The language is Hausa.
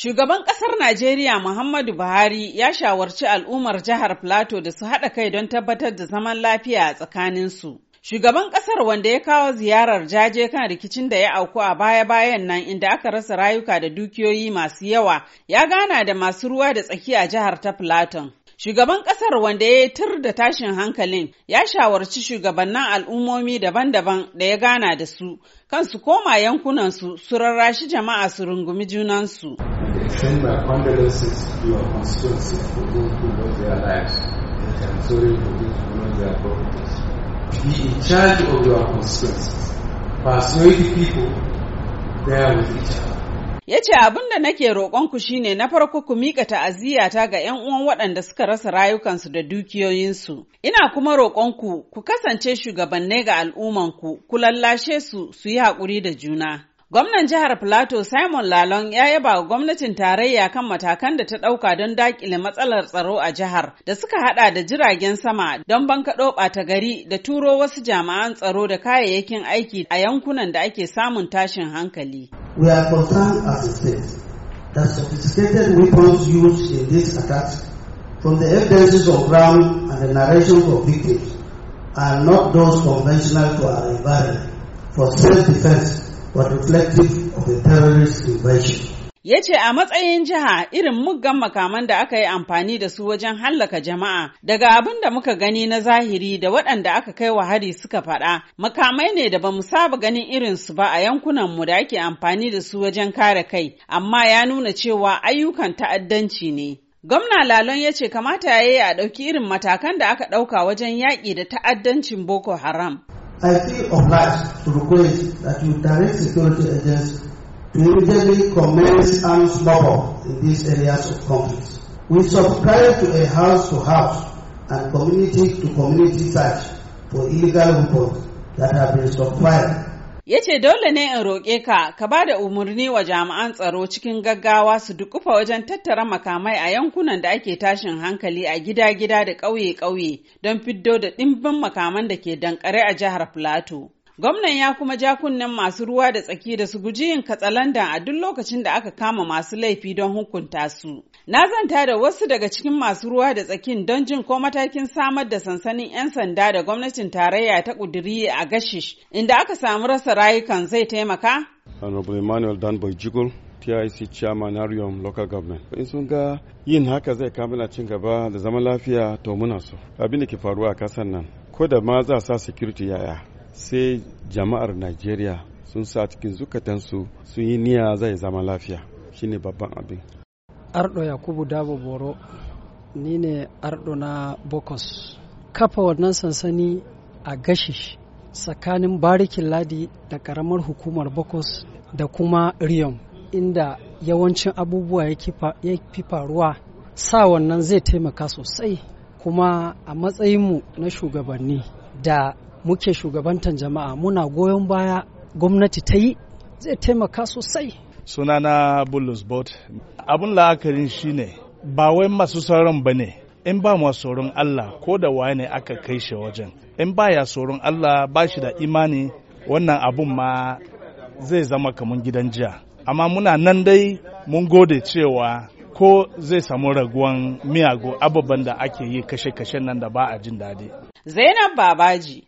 Shugaban ƙasar Najeriya Muhammadu Buhari ya shawarci al'ummar jihar Plateau da su haɗa kai don tabbatar da zaman lafiya a tsakaninsu. Shugaban ƙasar wanda ya kawo ziyarar jaje kan rikicin da ya auku a baya-bayan nan inda aka rasa rayuka da dukiyoyi masu yawa ya gana da masu ruwa da tsaki a jihar ta Plateau. Shugaban ƙasar wanda ya yi tur da tashin hankalin ya shawarci shugabannin al'ummomi daban-daban da ya gana da su, kansu koma yankunansu su rarrashi jama'a su rungumi junansu. and extend my condolences to your constituency for those who lost their lives. And I'm sorry for those who lost their properties. Be in charge of your constituencies. Persuade people there with each other. Ya ce abin da nake roƙonku shine na farko ku miƙa ta ga 'yan uwan waɗanda suka rasa rayukansu da dukiyoyinsu. Ina kuma roƙonku ku kasance shugabanni ga al'ummanku, ku lallashe su su yi haƙuri da juna. Gwamnan jihar Plateau Simon Lalon ya yaba wa gwamnatin tarayya kan matakan da ta ɗauka don dakile matsalar tsaro a jihar da suka hada da jiragen sama don bankaɗo ɓata gari da turo wasu jami'an tsaro da kayayyakin aiki a yankunan da ake samun tashin hankali. We are concerned as a state that sophisticated weapons used in these attacks from the evidences of ground and the narrations of victims are not those conventional to our environment for self-defense but reflective of the terrorist invasion. ya ce a matsayin jiha irin muggan makaman da aka yi amfani da su wajen hallaka jama'a daga abin da muka gani na zahiri da waɗanda aka kai wa hari suka faɗa makamai ne da bamu saba ganin irin su ba a yankunan mu da ake amfani da su wajen kare kai amma ya nuna cewa ayyukan ta'addanci ne Gwamna Lalon ya ce kamata ya yi a ɗauki irin matakan da aka ɗauka wajen yaƙi da ta'addancin Boko Haram. I feel obliged to request that you direct security agents to immediately commence arms lobby in these areas of conflict. We subscribe to a house-to-house and community-to-community search for illegal reports that have been supplied ya ce dole ne in roƙe ka ka ba da umarni wa jami'an tsaro cikin gaggawa su dukufa wajen tattara makamai a yankunan da ake tashin hankali a gida-gida da ƙauye-ƙauye don fiddo da ɗimbin makaman da ke dankare a jihar plateau Gwamnan ya kuma ja kunnen masu ruwa da tsaki da su guji yin katsalandan a duk lokacin da aka kama masu laifi don hukunta su. Na zanta da wasu daga cikin masu ruwa da tsakin don jin ko matakin samar da sansanin 'yan sanda da gwamnatin tarayya ta ƙudiri a Gashish, inda aka samu rasa rayukan zai taimaka. Honorable Emmanuel Danboy Jigul, TIC Chairman Arium Local Government. In sun ga yin haka zai kamuna cin gaba da zaman lafiya to muna so. Abin da ke faruwa a kasar nan, ko da ma za sa security yaya. sai jama'ar najeriya sun sa cikin zukatansu sun yi niyya zai zama lafiya shine babban abin ardo yakubu dabo boro ni ne ardo na bokos kafa wannan sansani a gashi tsakanin barikin ladi da karamar hukumar bokos da kuma riyom inda yawancin abubuwa ya fi faruwa sa wannan zai taimaka sosai kuma a matsayinmu na shugabanni da muke shugabantan jama'a muna goyon baya gwamnati ta yi zai taimaka sosai sunana bulus bot abun la'akarin shine ba wai masu sauran ba ne in ba mu tsoron allah ko da waye ne aka kai shi wajen in ba ya tsoron allah ba shi da imani wannan abun ma zai zama kamar gidan jiya amma muna nan dai mun gode cewa ko zai samu raguwan miyago ababen da ake yi kashe-kashen nan da ba a jin daɗi. zainab babaji